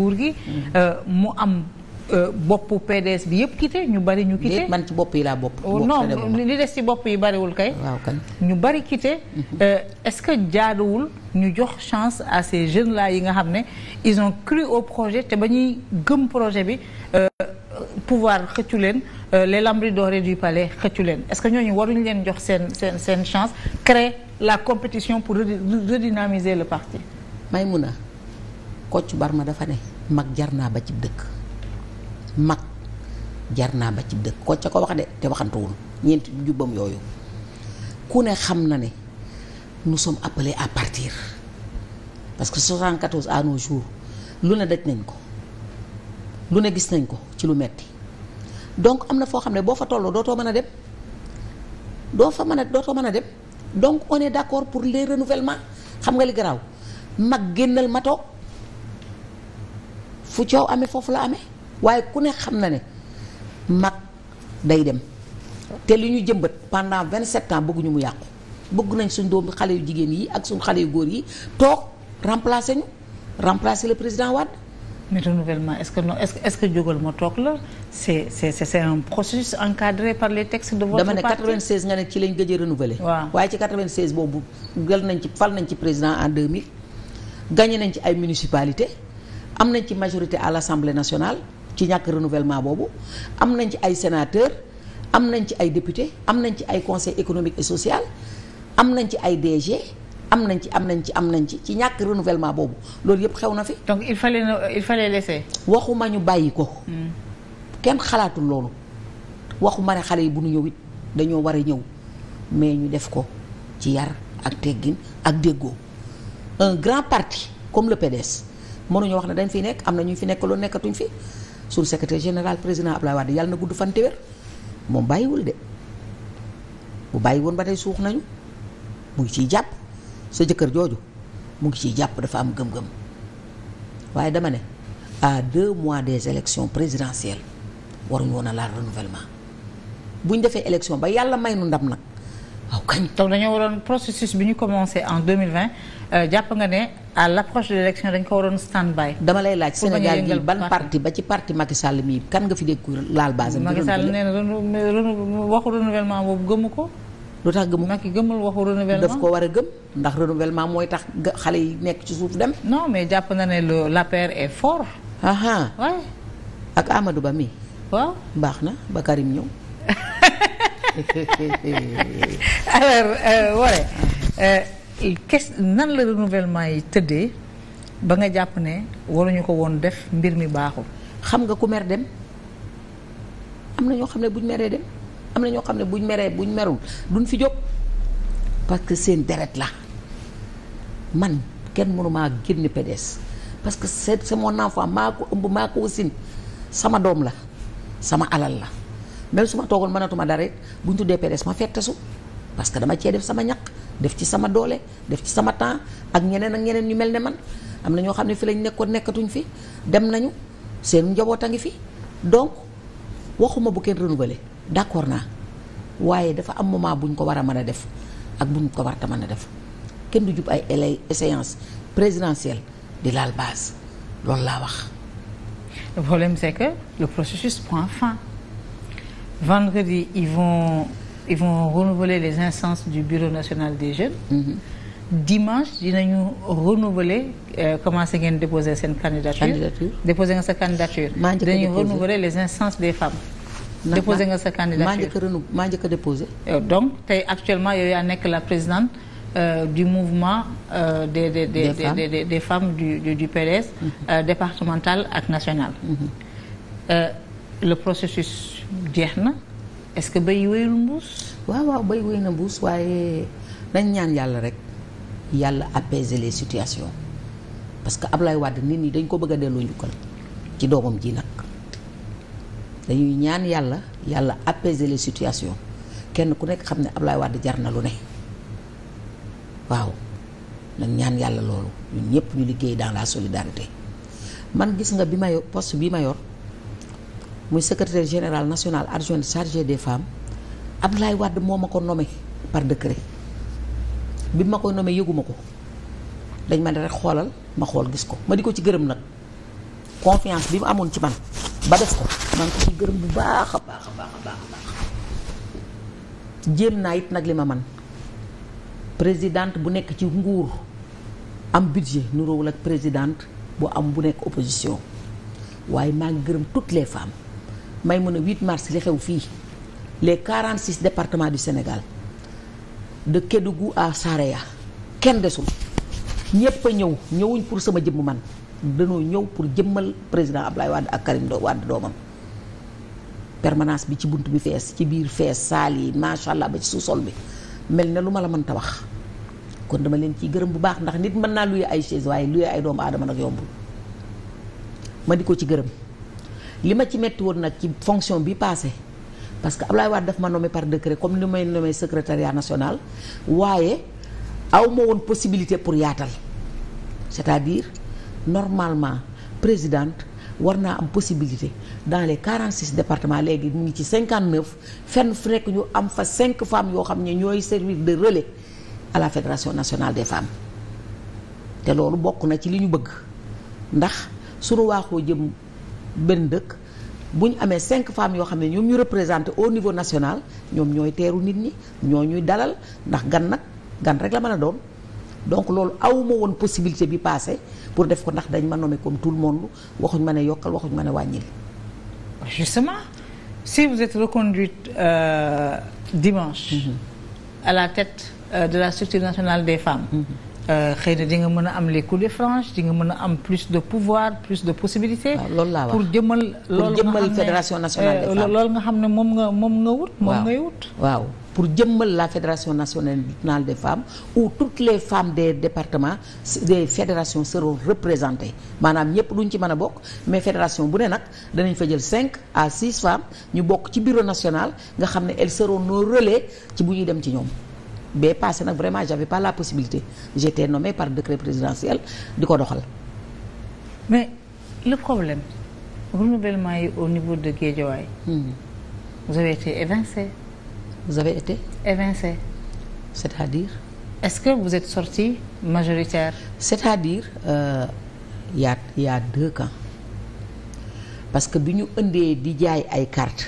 nguur gi euh, mu am euh, bopp PDS bi yëpp quitté ñu bari ñu quitté man ci bopp yi laa bopp oh, non li des ci bopp yi bariwul kay waaw kan ñu bari quitté mhm. euh, est-ce que jaaduwul ñu jox chance à ces jeunes là yi nga xam ne ils ont cru au projet te ba ñuy gëm projet bi pouvoir xëccu leen les lambris dorés du palais xëccu leen est-ce que ñooñu waruñu leen jox seen seen seen chance créer la compétition pour redynamiser le parti mun Maïmouna Kocc Barma dafa ne mag jar naa ba cib dëkk mag jar naa ba ci dëkk ko ca ko wax de te waxantuwul ñeenti jubbam yooyu ku ne xam na ne nous sommes appelés à partir parce que 74 à nos jours lu ne daj nañ ko lu ne gis nañ ko ci lu metti donc am na foo xam ne boo fa tolloo dootoo mën a dem doo fa mën a dootoo mën a dem donc on est d'accord pour les renouvellements xam nga li garaaw mag génnal ma fu coow amee foofu la amee waaye ku ne xam na ne mag day dem te li ñu jëmbat pendant 27 ans bëgguñu mu yàqu bëgg nañ suñ doom xale yu jigéen yi ak suñ xale yu góor yi toog remplacer ñu remplacer le président Wade. mais renouvellement est-ce que non est-ce que est-ce que jógal ma toog la dama ne nga ne ci lañ gëj a renouveler. waaw waaye ci 96 boobu gël nañ ci fal nañ ci président en 2000. gagné nañ ci ay municipalités. am nañ ci majorité à l'Assemblée nationale ci ñàkk renouvellement boobu am nañ ci ay sénateurs am nañ ci ay députés am nañ ci ay conseil économique et social am nañ ci ay DG am nañ ci am nañ ci am nañ ci ci ñàkk renouvellement boobu loolu yëpp xew na fi. donc il fallait il fallait laisser. waxuma ñu bàyyi ko. Hmm. kenn xalaatul loolu waxuma ne xale yi bu ñu ñëw it dañoo war a ñëw mais ñu def ko ci yar ak teggin ak déggoo un grand parti comme le PDS. mënuñu wax ne dañ fi nekk am na ñu fi nekk loolu nekkatuñ fi suñu secrétaire général président Abdoulaye Wade yàlla na gudd fan te wér moom bàyyiwul de bu bàyyi woon ba tey suux nañu mu ngi ciy jàpp sa jëkkër jooju mu ngi ciy jàpp dafa am gëm-gëm waaye dama ne à deux mois des élections présidentielles waruñu woon a laal renouvellement buñ defee élection ba yàlla may nu ndam nag waaw kañ. donc dañoo waroon processus bi ñu commencé en 2020 euh, jàpp nga ne. à dañ ko waroon stand by. dama lay laaj Sénégal gi ban parti ba ci parti Macky Sall mii kan nga fi dégg laal base am. Macky Sall nee na waxu renouvellement boobu gëmu ko. lu tax gëmu Macky daf ko war a gëm ndax renouvellement mooy tax xale yi nekk ci suuf dem. non mais jàpp na ne l'APR est fort. aha waay. ak Amadou Ba mi. waaw baax na ba Karim ñëw. Euh, euh, quest nan la renouvellement yi tëddee ba nga jàpp ne waruñu ko woon def mbir mi baaxul. xam nga ku mer dem am na ñoo xam ne buñ meree dem am na ñoo xam ne buñ meree buñ merul duñ fi jóg parce que seen deret la man kenn mënumaa génn PDS parce que c'est c'est mon enfant maa ko ëmb maa ko wasin sama doom la sama alal la même su ma toogoon mënatuma dara buñ tuddee PDS ma fettesu parce que dama cee def sama ñaq def ci sama doole def ci sama temps ak ñeneen ak ñeneen ñu mel ne man am na ñoo xam ne fi lañ nekkoon nekkatuñ fi dem nañu seen njaboot a ngi fi donc waxuma bu kenn renouveler d'accord naa waaye dafa am moment buñ ko war a mën a def ak buñ ko war a mën a def kenn du jub ay élay séance présidentielle di laal base loolu laa wax. le problème c'est que processus prend fin vendredi ils ils vont renouveler les instances du bureau national des jeunes. Mm -hmm. dimanche dinañu renouveler euh, commencé ngeen déposer seen candidature. candidature déposer nga sa maa dinañu renouveler les instances des femmes. déposer nga sa candidature maa njëkk a renou maa njëkk a euh, actuellement yow yaa nekk la présidente. Euh, du mouvement euh, des, des, des, des femmes, des, femmes du, du, du PDS, mm national. le processus jeex na est-ce que béy wéyul mbuus. waaw waaw béy wéy na mbuus waaye nañ ñaan yàlla rek yàlla apaiser les situations parce que ab lay wàdd nit ñi dañ ko bëgg a delloo njukkal ci doomam ji nag dañuy ñaan yàlla yàlla apaiser les situations kenn ku nekk xam ne ab Ablaye wàdd jar na lu ne waaw nañ ñaan yàlla loolu ñun ñëpp ñu liggéey dans la solidarité man gis nga bi ma yor poste bi ma yor. muy secretaire général national adjoint chargé des femmes lay Wade moo ma ko nommé par décret bi ma koy nommé yëguma ko dañ ma ne xoolal ma xool gis ko ma di ko ci gërëm nag confiance bi mu amoon ci man ba def ko man ko ci gërëm bu baax a baax a baax a baax jéem naa it nag li ma man présidente bu nekk ci nguur am budget nuroowul ak présidente bu am bu nekk opposition waaye maa ngi gërëm toutes les femmes may mën a 8 mars li xew fii les 46 départements du Sénégal de Kédougou à Saraya kenn desul ñëpp a ñëw ñëwuñ pour sama jëmm man danoo ñëw pour jëmmal président Ablaye Wade ak Karim Wade doomam permanence bi ci bunt bi fees ci biir fees saal yi macha allah ba ci sous-sol bi mel na lu ma la mënta wax kon dama leen ciy gërëm bu baax ndax nit mën naa luye ay chaise waaye luye ay doomu aadama nag yombul ma di ko ci gërëm li ma ci métti woon nag ci fonction bi passé parce que Ablaye Wade daf ma nommé par décret comme ni may nommé secrétariat national waaye aw ma woon possibilité pour yaatal c'est-à-dire normalement présidente war naa am possibilité dans les 46 départements léegi mu ngi ci 59 fenn fu nekk ñu am fa 5 femmes yoo xam ne ñooy servir de relais à la fédération nationale des femmes te loolu bokk na ci li ñu bëgg ndax suñu waaxoo jëm. benn dëkk bu ñu amee cinq femmes yoo xam ne ñoom ñu représenté au niveau national ñoom ñooy teeru nit ñi ñoo ñuy dalal ndax gan nag gan rek la mën a doon donc loolu awma woon possibilité bi passé pour def ko ndax dañ ma nommé comme tout le monde waxuñ ma ne yokkal waxuñ ma ne wàññil justement si vous êtes reconduite euh, dimanche mm -hmm. à la tête euh, de la structure nationale des femmes mm-hmm. Euh, xëy na di nga mën a am les coups de franche di nga mën a am plus de pouvoir plus de possibilités. loolu laa wax pour jëmmal. loolu euh, jëmmal loolu nga xam ne moom nga moom nga wut. moom ngay wut waaw. pour jëmmal la fédération nationale des femmes où toutes les femmes des départements des fédération seront représenté maanaam ñëpp duñ ci mën a bokk mais fédération bu ne nag danañ fa jël 5 à 6 femmes ñu bokk ci bureau national nga xam ne elles seront noo relais ci bu ñuy dem ci ñoom. bee passé nag vraiment j'avais pas la possibilité j'étais nommé par décret présidentiel di ko doxal. mais le problème renouvellement yi au niveau de Guédiawaye. Mmh. vous avez été évincé. vous avez été. évincé. c'est-à-dire. est-ce que vous êtes sorti majoritaire. c'est-à-dire euh, y a deux camps parce que bi ñu indee di jaay ay cartes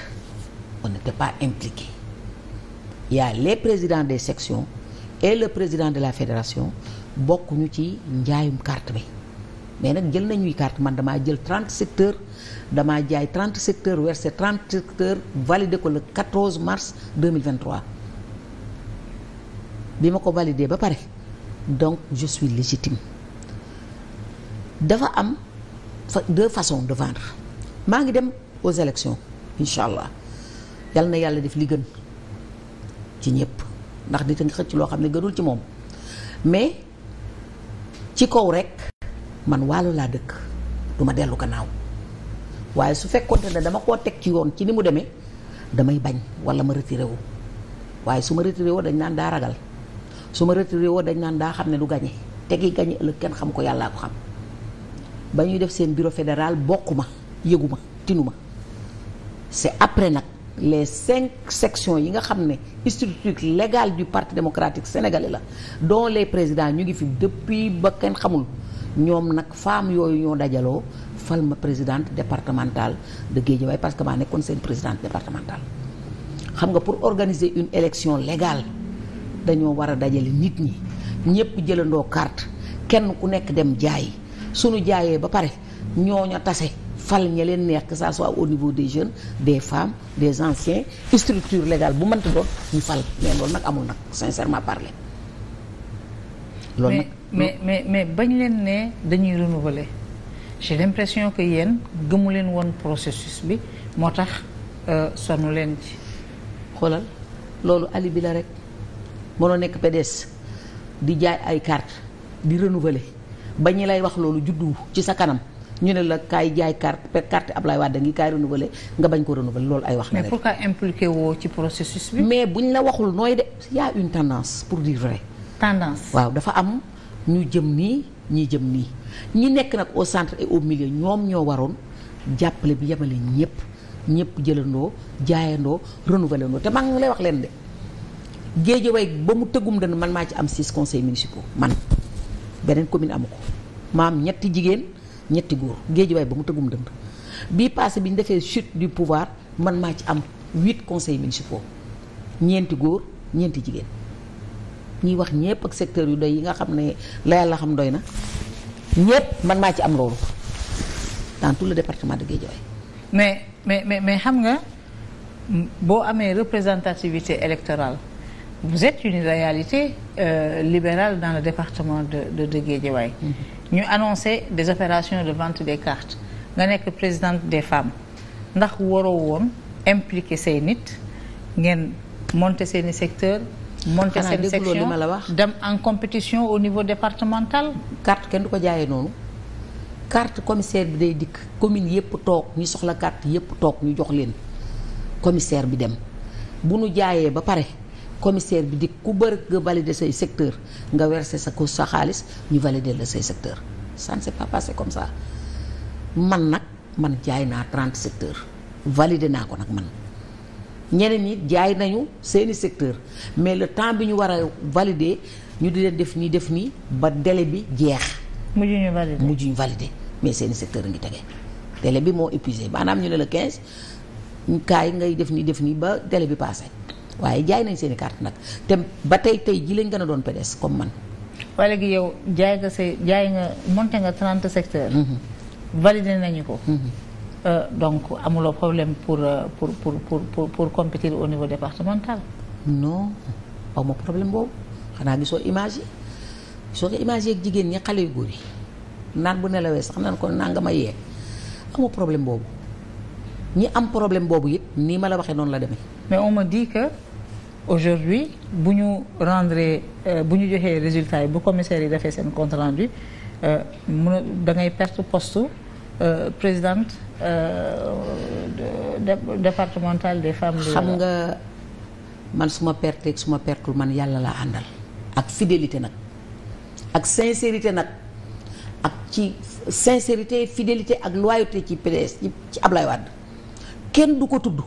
on n'était pas impliqué. il y a les présidents des sections le président de la fédération bokkuñu ci njaayum carte bi mais nag jël nañuy carte man damaa jël 30 secteurs damaa jaay 30 secteurs versé 30 secteurs validé ko le 14 mars 2023 bi ma ko validé ba pare donc je suis légitime dafa am deux façon de vendre maa ngi dem aux élections incha allah yal na yàlla def li gën. ci ñëpp ndax nit a ngi xëcc loo xam ne gënul ci moom mais ci kaw rek man waalo laa dëkk du ma dellu gannaaw waaye su fekkonte ne dama koo teg ci yoon ci ni mu demee damay bañ walla ma retiré wu waaye su ma retiré woo dañ naan daa ragal su ma retiré woo dañ naan daa xam ne du gañe teg gi gañe ëllëg kenn xam ko yàllaa ko xam ba ñuy def seen bureau fédéral ma yëguma tinuma c'est après nag les cinq sections yi nga xam ne structure légale du parti démocratique sénégalais la dont les présidents ñu ngi fi depuis ba kenn xamul ñoom nag femmes yooyu ñoo dajaloo fal ma présidente départementale de waaye parce que maa nekkoon seen présidente départementale. xam nga pour organiser une élection légale dañoo war a dajale nit ñi ñëpp jëlandoo carte kenn ku nekk dem jaay sunu jaayee ba pare ñooña tase. fal ña leen neex que ça soit au niveau des jeunes des femmes des anciens structure légale bu mënta doon ñu fal mais loolu nag amul nag sincèrement parler loolu nag mais mais mais bañ leen ne dañuy renouveler j'ai l'impression que yéen gëmu leen woon processus bi moo tax euh, sonu leen ci xoolal loolu alibi la rek mënoo nekk PDS di jaay ay carte di renouveler ba ñu lay wax loolu juddu ci sa kanam ñu ne la kaay jaay carte carte Ablaye Wade ngi kaay renouveler nga bañ ko renouveler loolu ay wax la. mais pourquoi impliqué woo ci processus bi. mais buñ la waxul nooy de y a une tendance pour dire vrai. tendance waaw dafa am ñu jëm nii ñi jëm nii. ñi nekk nag au centre et au milieu ñoom ñoo waroon jàppale bi yemale ñëpp ñëpp jëlandoo jaayandoo renouveler ndoo te maa nga lay wax leen de. Guédiawaye ba mu tëggum dana man maa ci am six conseils municipaux man beneen commune amu ko maam ñetti jigéen. ñetti góor géejuwaay ba mu tëggum dënd bii passé bi ñu defee chute du pouvoir man maa ci am huit conseils municipaux ñeenti góor ñeenti jigéen ñuy wax ñëpp ak secteur yu doy yi nga xam ne la yàlla xam doy na ñëpp man maa ci am loolu dans tout le département de Guédiawaye mais mais mais mais xam nga boo amee représentativité électorale vous êtes une réalité euh, libérale dans le département de de ñu annoncé des opérations de vente des cartes nga nekk présidente des femmes ndax waroo woon impliqué say nit ngeen monter seeni secteur monter seen section li ma la wax dem en compétition au niveau départemental carte kenn du ko jaayee noonu carte commissaire bi day dikk commune yépp toog ñu soxla carte yépp toog ñu jox leen commissaire bi dem bu nu jaayee ba pare commissaire bi di ku bëri nga valider say secteur nga verser sa ko sa xaalis ñu valider la say secteur ça ne s'est pas passé comme ça man nag man jaay naa trente secteurs valider naa ko nag man ñeneen ñi jaay nañu seeni secteur mais le temps bi ñu war a valider ñu di leen def nii def nii ba délai bi jeex. mujj ñu valider mujj ñu valider mais seeni secteur ngi tege délai bi moo épuisé maanaam ñu ne la 15 kaay ngay def nii def nii ba délai bi passé. waaye jaay nañ seen i carte nag te ba tey tey ji lañ gën a doon PDS comme man. waaye léegi yow jaay nga say jaay nga monté nga 30 secteurs. Mhm. validé nañu ko. Mhm. Euh, donc amuloo problème euh, pour pour pour pour pour compétir au niveau départemental. non aw ma problème boobu xanaa gisoo image soo ko image yeeg jigéen ñi xale yu góor yi naan bu nelawee sax naan ko naa nga ma yee amoo problème boobu ñi am problème boobu it nii ma la waxee noonu la demee. mais on me dit que aujourd'hui bu ñu rendre euh, bu ñu joxee résultat yi bu commissaire yi defee seen compte rendu euh, mun a da ngay perte poste euh, présidente départementale des femmes. xam nga man suma ma suma su pertul man yàlla laa àndal ak fidélité nag ak sincérité nag ak ci sincérité fidélité ak loyauté ci PDS ci Ablaye Wade kenn du ko tudd.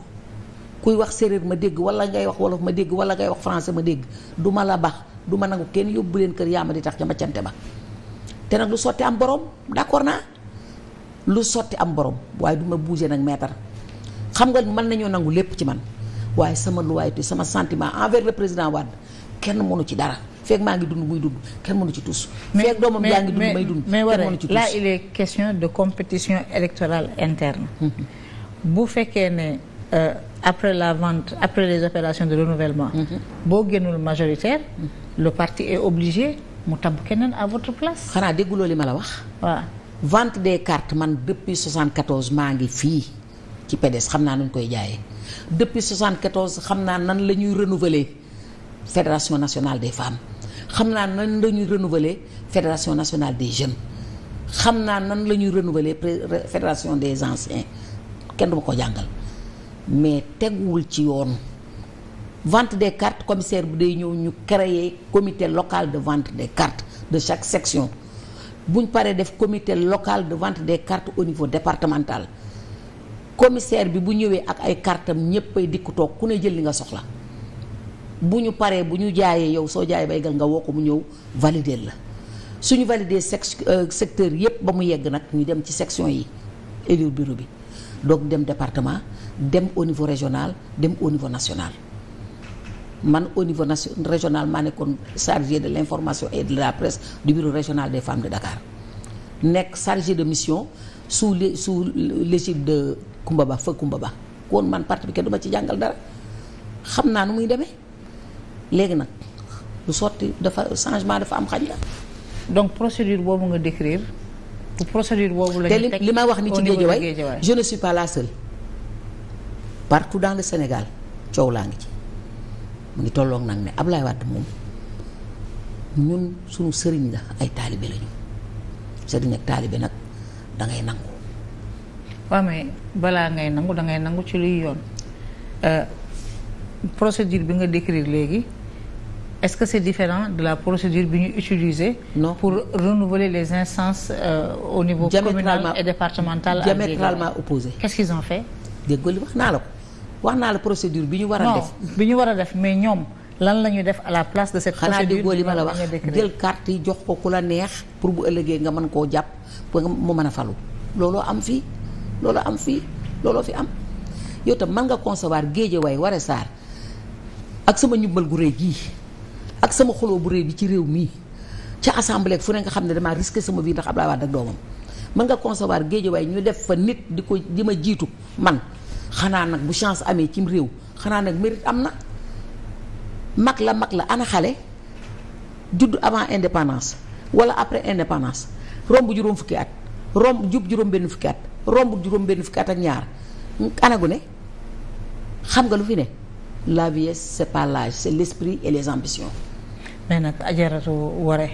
kuy wax séeréer ma dégg wala ngay wax wolof ma dégg wala ngay wax français ma dégg du ma la baax du ma nangu kenn yóbbu leen kër yaa ma di tax ca maccante ba te nag lu sotti am borom d'accord naa lu sotti am borom waaye du ma bouger nag meetar xam nga mën nañoo nangu lépp ci man waaye sama loyauté sama sentiment envers le président Wade kenn mënu ci dara feeg maa ngi dund muy dund kenn mënu ci tus. feeg doomam yaa ngi dund may dund kenn mënu ci tus mais là de compétition électorale interne. euh, après la vente après les opérations de renouvellement mhm. boo génnul majoritaire le parti est obligé mu tabb keneen à votre place xanaa dégguloo li ma la wax waaw vente des cartes man soixante 74 maa ngi fii ci PDS xam naa nuñ koy jaayee depuis 74 xam naa nan la ñuy renouveler fédération nationale des femmes xam naa nan la ñuy renouveler fédération nationale des jeunes xam naa nan la ñuy renouveler fédération des anciens kenn du ko jàngal mais teguwul ci yoon vente des cartes commissaire bu day ñëw ñu créer comité local de vente des cartes de chaque section ñu paree def comité local de vente des cartes au niveau départemental commissaire bi bu ñëwee ak ay kartam ñépp ay dikk toog ku ne jël li nga soxla bu ñu paree bu ñu jaayee yow soo jaayee baygal nga woo ko mu ñëw valider la suñu valider sec euh, secteur yépp ba mu yegg nag ñu dem ci section yi élire bureau bi donc dem département dem au niveau régional dem au niveau national man au niveau national régional maa nekkoon chargé de l'information et de la presse du régional des femmes de nekk chargé de mission sous le sous l'égide de Koumba Ba fa Koumba Ba kon man parti bi kenn du ma ci jàngal dara xam naa nu muy demee léegi nag lu sotti dafa changement dafa am xaj la donc procédure boobu nga décrire procédure boobu la ñu teg li may wax ni ci Guédiawaye je ne suis pas la seule partout dans le Sénégal coow laa ngi ci mu ngi tolloog nag ne Ablaye Wade moom ñun suñu sëriñ la ay taalibe lañu sëriñ ak taalibe nag da ngay nangu. waaw mais balaa ngay nangu da ngay nangu ci luy yoon euh, procédure bi nga décrire léegi. est-ce que c'est différent de la procédure bi ñu utiliser non pour renouveler les instances euh, au niveau communal et départemental diamétralement opposé qu'est-ce qu'ils ont fait déggoo li wax naa la ko wax naa la procédure bi ñu war a def bi ñu war a def mais ñoom lan la ñuy def à la place de cette procédure xanaa déggoo li ma la wax jël carte yi jox ko ku la neex pour bu ëllëgee nga mën koo jàpp pour nga mu mën a falu looloo am fii looloo am fii looloo fi am yow tam mën nga concevoir Guédiawaye Woré Sarr ak sama ñubbal gu rëy gii ak sama xuloo bu réy bi ci réew mii ca assemblée fu ne nga xam ne damaa risqué sama vie ndax Abdoulaye Wade ak doomam mën nga concevoir géejawaay ñu def fa nit di ko di ma jiitu man xanaa nag bu chance amee cim réew xanaa nag mérite am na mag la mag la ana xale judd avant indépendance wala après indépendance romb juróom fukki at romb jub juróom benn fukki at romb juróom benn fukki at ak ñaar ana gu ne xam nga lu fi ne la vieillesse c'est pas l'âge les l'esprit et les ambitions mais nag ajaratu ware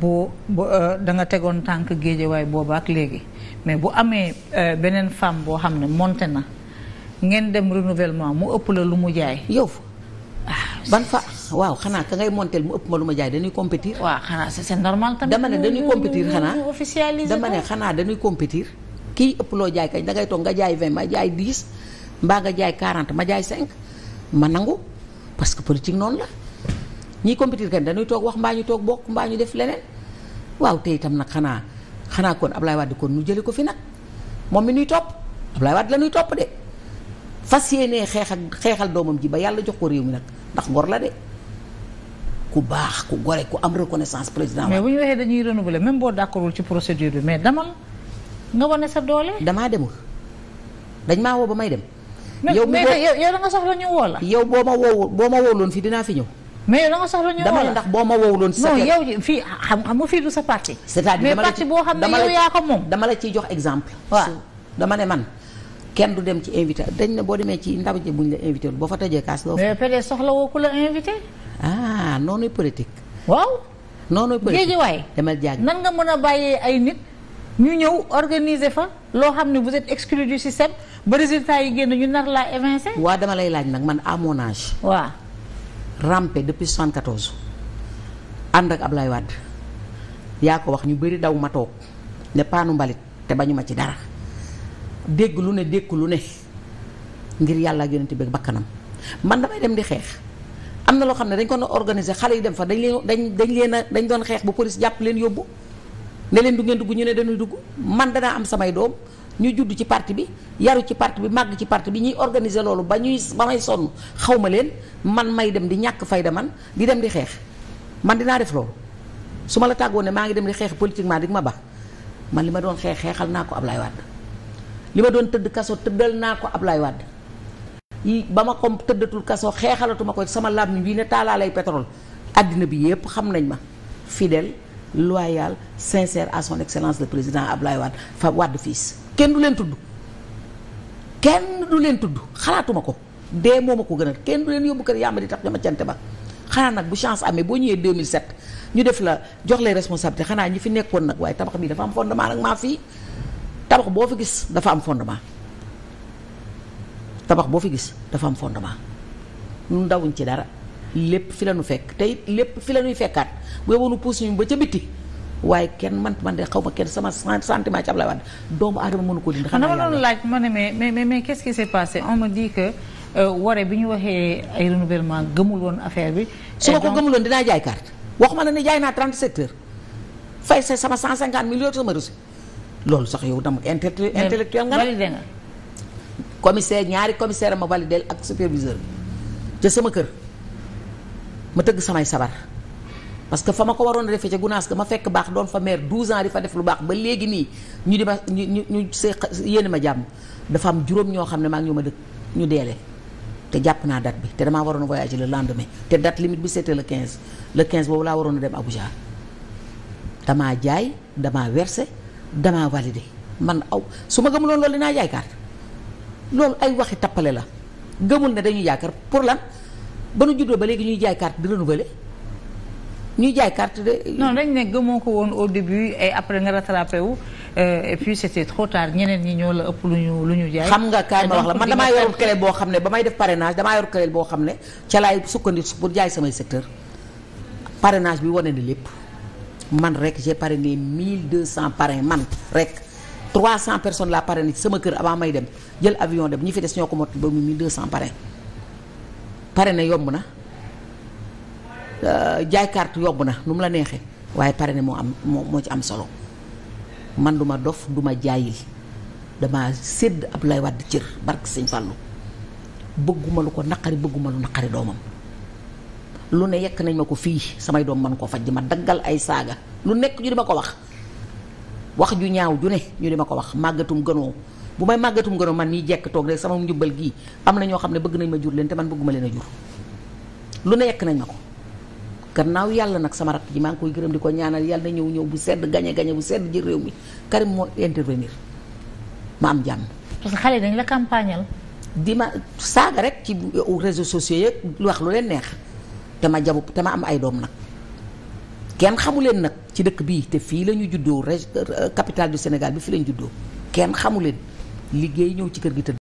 bu bu euh, danga tegoon tànk géejewaay booba ak léegi mais bu amee euh, beneen femme boo xam ne monté na ngeen dem renouvellement mu ëpp la lu mu jaay yow ah, ban fa waaw xanaa ka ngay monteel mu ëpp ma lu ma jaay dañuy compétir waa xanaa c'est normal tamit dama ne dañuy compétir xanaa officialiser dama ne xanaa dañuy compétir kii ëpp loo jaay kañ dangay toog nga jaay 20 ma jaay 10 mbaa nga jaay 40 ma jaay 5 ma nangu parce que politique noonu la ñiy compétir kan dañuy toog wax mbaa ñu toog bokk mbaa ñu def leneen waaw te itam nag xanaa xanaa kon Ablaye Wade kon ñu jëlee ko fi nag moom mi nuy topp Ablaye Wade la nuy topp de fas yéenee xeex ak xeexal doomam ji ba yàlla jox ko réew mi nag ndax ngor la de ku baax ku gore ku am reconnaissance président. mais bu ñu waxee dañuy renouveler même boo d'accordul ci procédure bi mais demal nga wane sa doole. damaa demul dañ maa ba may dem. yow mais yow da nga soxla ñu woo la. yow boo ma woo boo ma woo loon fii dinaa fi ñëw. mais yow da nga soxla ñu woo la dama ndax boo ma woo loon. non yow fii xam xam nga fii du sa parti. c'est-à-dire dama la ci mais parti boo xam ne yow yaa ko moom. dama la ciy jox exemple. waaw dama ne man. kenn du dem ci invité dañ ne boo demee ci ndaw ji buñ la invité boo fa tëjee kaas. doo mais peut-être soxla woo ku la invité. ah noonu politique. waaw. noonu politique géej waay demal jaaj nan nga mën a bàyyee ay nit ñu ñëw organiser fa. loo xam ne vous êtes exclu du système ba résultat yi génn ñu nar laa évincé. waa dama lay laaj nag man à mon âge. waaw. rampé depuis 74 ànd ak Ablaye Wade yaa ko wax ñu bëri daw ma toog ne paanu mbalit te bañu ma ci dara dégg lu ne dékk lu ne ngir yàlla ak yonent bi bakkanam man damay dem di xeex. am na loo xam ne dañ kon doon organiser xale yi dem fa dañ leen dañ dañ a dañ doon xeex bu polis jàpp leen yóbbu ne leen du ngeen dugg ñu ne dañuy dugg man danaa am samay doom ñu judd ci parti bi yaru ci parti bi màgg ci parti bi ñuy organiser loolu ba ñuy ba may sonn xaw ma leen man may dem di ñàkk fayda man di dem di xeex man dinaa def loolu su ma la tàggoon ne maa ngi dem di xeex politiquement di ma ba man li ma doon xeex xeexal naa ko lay Wade li ma doon tëdd kaso tëddal naa ko Ablaye Wade ba ma ko tëddatul kaso xeexalatuma ko sama làmmiñ bii ne taalaalay pétrole àddina bi yëpp xam nañ ma fidèle loyal sincère à son excellence le président Ablaye Wade fa Wade fils kenn du leen tudd kenn du leen tudd xalaatuma ko dee moo ma ko gënal kenn du leen yóbbu kër yàmba di tax dama cante ba xanaa nag bu chance amee boo ñëwee 2007 ñu def la jox lay responsabilité xanaa ñi fi nekkoon nag waaye tabax bii dafa am fondement nag maa fii tabax boo fi gis dafa am fondement tabax boo fi gis dafa am fondement ñun ndawuñ ci dara lépp fi la ñu fekk te it lépp fi la ñuy fekkaat bu yóbbu nu puus ñu ba ca bitti waaye kenn man man de xaw ma kenn sama sentiment ci Ablaye Wade doomu aadama mënu ko dindi. xanaa yàlla dama doon laaj ma ne mais mais mais qu'est-ce qui s'est euh, bi ñu waxee ay renouvellement gëmul woon affaire bi. su ma ko gëmul dinaa jaay carte waxuma ne ni jaay naa 37 heures fay sa sama cent 150 millions sama reçu loolu sax yow dama intellectuel intellectuel nga validé nga commissaire ñaari commissaire ma validé ak superviseur bi te sama kër ma tëgg samay sabar. parce que fa ma ko waroon a defee ca gunaas ga ma fekk baax doon fa maire 12 ans di fa def lu baax ba léegi nii ñu di ma ñu ñu ñu see yéene ma jàmm dafa am juróom ñoo xam ne maa ñoo ma dëkk ñu deele te jàpp naa date bi te damaa waroon a voyager le lendemain te dat limite bi c'était le 15 le 15 boobu laa waroon a dem Abuja damaa jaay damaa versé damaa validé man aw su ma gëmuloon loolu dinaa jaay carte loolu ay waxi tappale la gëmul ne dañuy yaakaar pour lan ba nu ba léegi ñuy jaay carte di renouveler ñuy jaay carte de. non dañ ne gëmoo ko woon au début et après nga rattrapé wu euh, et puis c'était trop tard ñeneen ñi ñoo la ëpp lu ñu lu ñu jaay. xam nga kaay ma wax la man damaa yorul kële boo xam ne ba may def parrainage damaa yor kële boo xam ne ca laay sukkandiku pour jaay samay secteur parenage bi wane na lépp man rek j'ai parrainé 1200 parrain man rek. 300 personnes la pare ci sama kër avant may dem jël avion dem ñu fi des ñoo ko mot ba mu 1200 parrain parrainé yomb na Euh, jaay carte yomb na nu mu la neexee waaye pare ne moo am moo moo ci am solo man du ma dof duma ma jaayil dama sédd lay Wade cër barke Sëñ Fallou bëgguma lu ko naqari bëgguma lu naqari doomam lu ne yekk nañ ma ko fii samay doom man koo faj ma daggal ay saaga lu nekk ñu di ma ko wax wax ju ñaaw ju ne ñu di ma ko wax màggatum gënoo bu may màggatum gënoo man nii jekk toog rek sama njubal gii am na ñoo xam ne bëgg nañ ma jur leen te man bëgguma leen a jur lu ne yekk nañ ma gannaaw yàlla nag sama rakk ji maa ngi koy gërëm di ko ñaanal yàlla na ñëw ñëw bu sedd gañe gañe bu sedd ji réew mi Karim moo intervenir ma am jàmm. parce que xale dañ la campagnal. di ma saaga rek ci euh, réseau sociaux lu wax lu leen neex te ma jabu te ma am ay doom nag kenn xamu leen nag ci dëkk bii te fii la ñu juddoo euh, capital du Sénégal bi fi la juddoo kenn xamu leen liggéey ñëw ci kër gi tëdd.